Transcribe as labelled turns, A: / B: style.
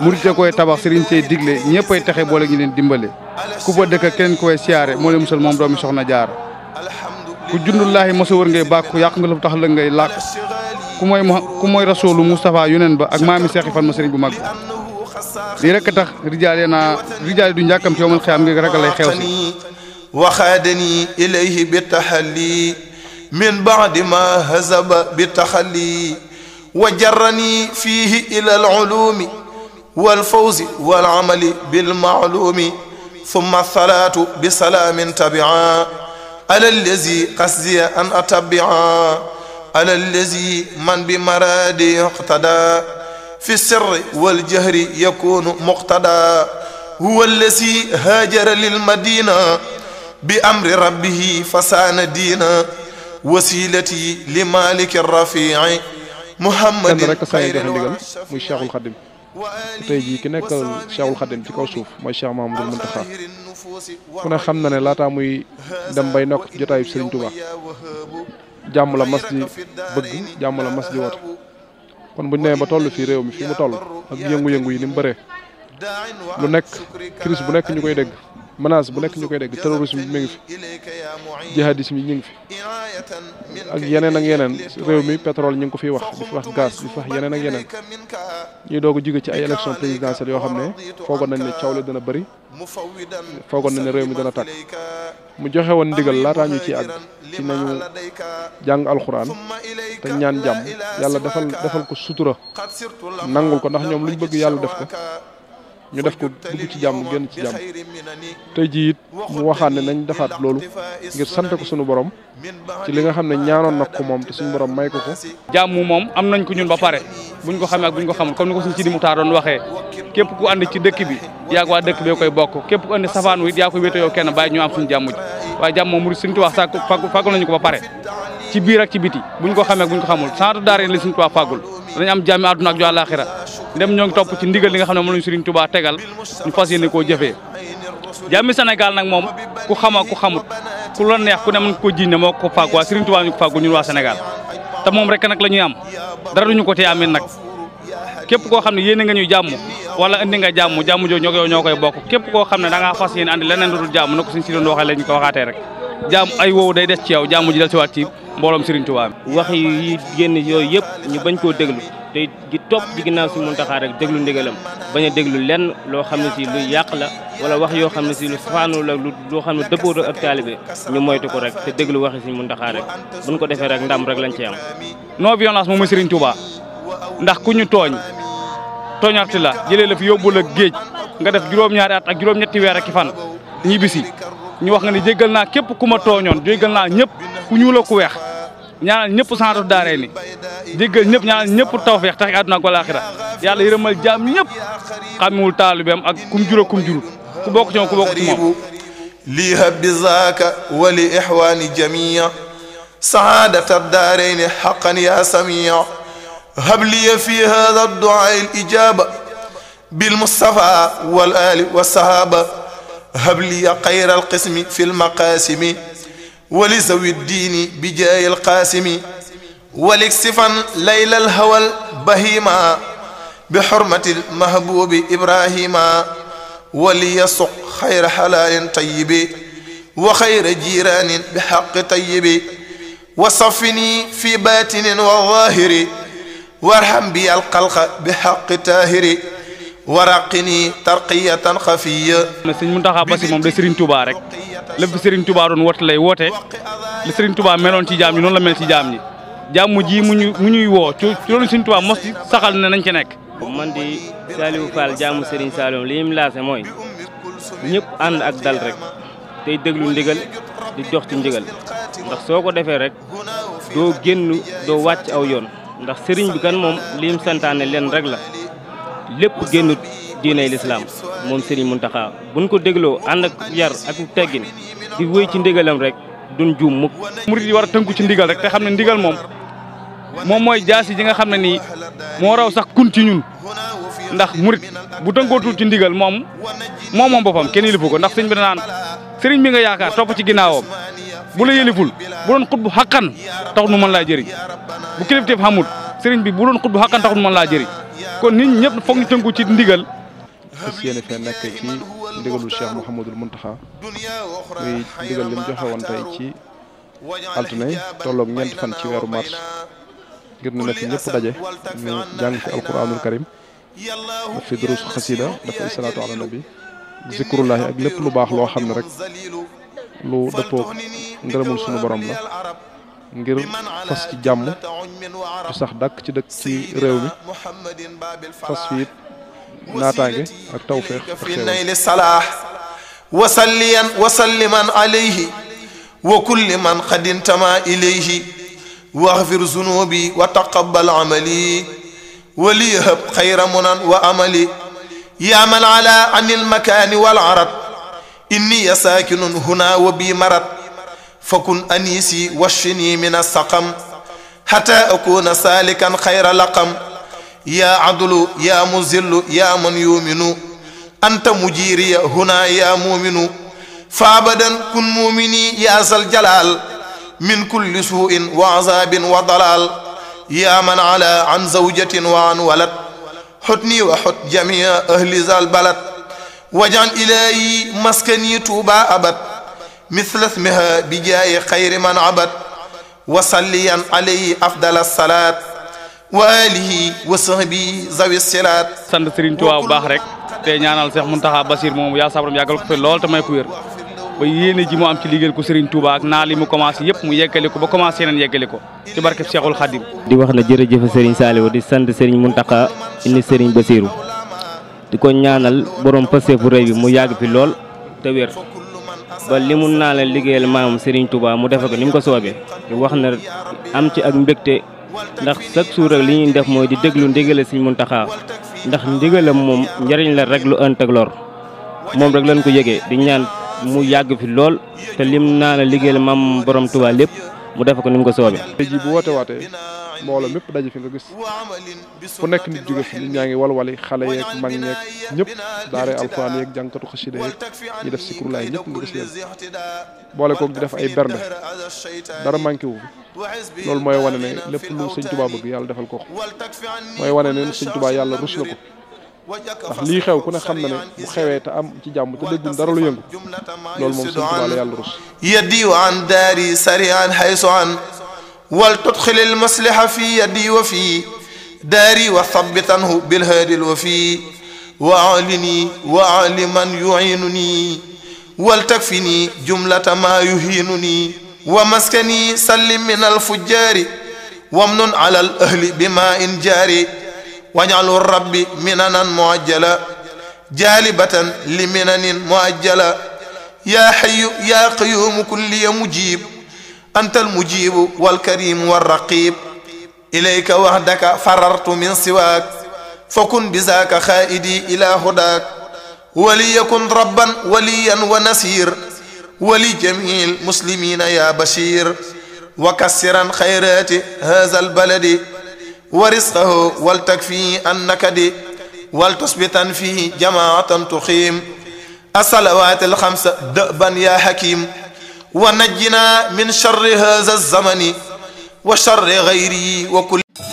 A: murit a koy tabax sëriñ see digle ñëpp ay texe boole ñu leen dimbale ku fa dëkk kenn koy siyaare moo leen musal moom doomi soxna jaar ku jundullaahi mosa wër ngay bàkku yàq nga lu tax la ngay làkk ku mooy ku mooy rasoolu Moustapha yoneen ba ak maami seexi fan ma sëriñ bu mag lii rek tax rijaale naa rijaale du njàkkam ti yowmal xiyaam ngi rek lay xew
B: si waxaadani ilayhi bi taxalli min baadi ma hazaba bi taxalli wa jarrani fiihi ila al ulumi wal fawzi wal amali bil maalumi thumma salaatu bi salaamin tabia ala allazi qasdiya an atabia ala allazi man bi maradi yuqtada fi sirri wal jahri yakunu muqtada huwa allazi haajara lil madina bi amri rabbihi fasaana diina wasilati li maliki rafiici
C: muhammadin xayril ndigal muy Cheikhul Xadim tey jii ki nekkal Cheikhul Khadim ci kaw suuf mooy Cheikh Mahamadou Mountakha ku ne xam na ne laataa muy dem bay nokk jotaayu Serigne Touba jàmm la mas di bëgg jàmm la mas di woote kon bu ñu ba toll fii réew mi fi mu toll ak yëngu-yëngu yi ni mu bëree lu nekk crise bu nekk ñu koy dégg menace bu nekk ñu koy dégg terrorisme bi mu ngi fi jihadisme yi ñu ngi fi ak yeneen ak yeneen réew mi pétrole ñu ngi ko fiy wax di fi wax gaz di fi wax yeneen ak yeneen ñuy doog a jóge ci ay élection présidentielle yoo xam ne foogoon nañ ne coow li dana bëri foogoon nañ ne réew mi dana tàkk mu joxe woon ndigal laataa ñu ci àgg ci nañu jàng alxuraan te ñaan jàmm yàlla defal defal ko sutura nangul ko ndax ñoom luñ bëgg yàlla def ko ñu def ko dugg ci jàmm génn ci jàmm tey jii it mu waxaat ne nañ defaat loolu ngir sant ko suñu borom ci li nga xam ne ñaanoon na ko moom te suñu borom may ko ko.
A: jàmm moom am nañ ko ñun ba pare buñ ko xamee ak buñ ko xamul comme ni ko suñu Sidi Muxtaar doon waxee képp ku ànd ci dëkk bi yaa waa dëkk bee koy bokk képp ku ànd safaan wi it yaa koy wéete yow kenn bàyyi ñu am suñu jàmm ji waaye jàmm moom mu suñu tuwaax sax fàggul nañu ko ba pare ci biir ci biti ko xamee ak buñ ko danañ am jàmmi àdduna ak ju àllaaxira ndem ñoo ngi topp ci ndigal li nga xam ne moom lañu Serigne Touba tegal ñu fas yéene koo jëfee jàmmi Sénégal nag moom ku xama ku xamut ku la neex ku ne mën ko jiñ ne moo ko fàgg waa Serigne Touba ñu ko fàggu ñun waa Sénégal te moom rek nag la ñuy am dara duñu ko tee amee nag képp koo xam ne yéene nga ñuy jàmm wala indi nga jàmm jàmm jooju o koy bokk képp koo xam ne da fas yéene andi leneen lu dul rek jaam ay woowu day des ci yow jaamu ji del siwaat ci mbooloom Serigne Touba wax yi génn yooyu yëpp ñu bañ koo déglu te di topp ci ginnaaw si Muntaxa
D: rek déglu ndigalam bañ a déglu lenn loo xam ne si lu yàq la wala wax yoo xam ne si lu faanu la lu loo xam ne dëppoo ak taalibe ñu moytu ko rek te déglu waxi si Muntaxa rek buñ ko defee rek
A: ndam rek lañ ci am. non violence moom mooy Serigne Touba ndax ku ñu tooñ tooñarti la jëlee la fi yóbbu la géej nga def juróom-ñaari at ak juróom fan ñibbisi ñu wax nga ne jéggal naa képp ku ma tooñoon jéggal naa ñëpp ku ñuul ak ku weex ñaanal ñëpp santu daaree ni jéggal ñëpp ñaanal ñëpp tawfeex tax àdduna ak walaaxira yàlla yërëmal
B: jaam ñëpp xàmmewul taalibeem ak kum jur ku bokk ci moom ku bokk ci zaaka wa li ixwaani jamia saadata daareyni xaqan ya samia habliya fi hada duaa al bil mustafa wal ali wa sahaba habliya xayra alqismi fi lmaqaasimi wali zawi ddiini bi jaayi alqaasimi walik sifan layla alhawal bahima bi xurmati almahbuubi ibrahima wali yasuq xayra xalaalin tayibi wa xayra jiiraanin bi xaqi tayibi wa safini fi baatinin wa zaahiri warham bi alxalqa bi xaqi taahiri waraqini tarqiyatan xafiya sëñ
A: Muntaxa Basi moom de Serigne Touba rek lépp Serigne Touba doon woote lay woote li Serigne Touba meloon ci jaam ñi noonu la mel ci jaam ñi jàmm ji mu ñu mu ñuy woo ci loolu Serigne Touba mos ci saxal ne nañ ci nekk. man di
D: Saliou Fall jaamu Serigne Saliou li laase mooy ñëpp ànd ak dal rek tey déglu ndigal di jox ci ndigal ndax soo ko defee rek doo génn doo wàcc aw yoon ndax Serigne bi kan moom li mu santaane leen rek la. lépp génn diinay lislaam moom sëriñ Muntaxa buñ ko dégloo ànd ak yar
A: ak teggin di wéy ci ndigalam rek duñ juum mukk murit yi war tënku ci ndigal rek te xam ne ndigal moom moom mooy jaasi ji nga xam ne nii moo raw sax kun ci ñun ndax murit bu tënkootul ci ndigal moom moom moom boppam kenn yëlifu ko ndax sëñ bi da bi nga yaakaar topp ci ginnaawam bu la yëliful bu doon xut bu xàqan taxut mu mën laa jëriñ bu kilifteef xamul sëriñ bi bu doon xut bu xàqan taxut laa jëriñ kon nit ñëpp foog
C: tënku ci ndigal fas yéene fee nekk ci ndigalul Cheikh Mouhamadul Mountakha muy ndigal li mu joxe woon ci altine tolloog ñeenti fan ci weeru mars ngir ne na fi ñëpp daje ñu jàng fi alquranul karim daf fi durus xasida dafay salaatu ala zikrullahi ak lépp lu baax loo xam ne rek lu dëppoo ngërëmul sunu borom la ngir fas ci jàmm ju sax dàkk ci dëkk ci réew mi fas fi it naataange ak tawféex ak fi nayli
B: salaah wasalliyan wasalliman alayhi wa kulli man xadintama ilayhi waxfir zunubi wa taqabal amali wa liyahab xayra munan wa amali yaa man ala anil makaani wal arad inni sakinun huna wa bi marat fakun anisi washini min assaqam hatta akuna salikan xayra laqam ya adlu ya muzillu ya man yuminu anta mujiriya huna ya muminu faabadan kun mumini ya zal jalal min kulli suin wa azabin wa dalal ya man ala an zawjatin wa an walad xutni wa xut jamia ahli zal balad wajan ilayi maskani tuuba abad mislas miha bi jaayi xayri man abad wa salliyan alayhi afdala salaat wa alihi wa sahbi zawi silaat
A: sant Serigne Touba bu baax rek te ñaanal Cheikh Mountakha Bassir moom yaa sabram yàggal ko fi lool te may ko wér ba yéene ji mu am ci liggéeyal ko Serigne Touba ak naa li mu commencé yëpp mu yeggale ko ba commencé neen yeggale ko ci barkeb Cheikhul Khadim
D: di wax na jërëjëf Serigne Saliou di sant Serigne Mountakha indi Serigne Bassirou di ko ñaanal borom passé bu r bi mu yàgg fi lool te wér ba li mun naa la liggéeyal maamam Serigne Touba mu defe ko ni mu ko soobee wax na am ci ak mbégte ndax chaque jour ak li ñuy def mooy di déglu siñu mun Mountakha ndax ndigalam moom njariñ la rek lu ënt ak moom rek lañ ko yëgee di ñaan mu yàgg fi lool te lim naa la liggéeyal maam borom Touba lépp. mu def ko ni mu ko soobee.
C: tey jii bu woote waatee mbooloo mépp daje fi nga gis fu nekk nit jóge fi nit ñaa ngi walwali xale yeeg mag ñeeg ñëpp daaree alxuraan yeeg jànkatu xasida yeeg ñi def sikru laay ñëpp nga gis leen boole koog di def ay bernde dara manqué wu loolu mooy wane ne lépp lu sëñ Tuubaa bëgg yàlla defal ko mooy wane ne sëñ Tuubaa yàlla rus na ko.
B: ndax lii xew ku ne xam na ne bu xewee te am ci jàmm te déggul dara lu yëngu loolu moom sëñ Tuubaa la yàlla rus yadi wa an daari sarian haysu an wal tudxil al maslaha fi yadi wa fi daari wa thabbitanhu bil haadi al wafi wa alini wa aliman yuinuni wal takfini jumlata ma yuhinuni wa maskani sallim min al fujjaari wamnun ala al ahli bima in jaari wajalu rabbi minanan muajjala jaalibatan li minanin muajjala yaa xayu yaa qayuumu kulliya mujib anta almujibu walkarimu walraqib ilayka wahdaka farartu min siwaak fakun bisaaka xaaidi ila hudaak waliyakun rabban waliyan wa nasir wali jamiil muslimina yaa bashir wa kassiran xayraati haza albaladi wa risqahu wal takfi an nakadi wal tusbitan fihi jamaatan tuqiim as-salawaati al-xamsa dëban yaa hakiim wa najjinaa min sharri haazaa zamani wa sharri gayrihi wa kulli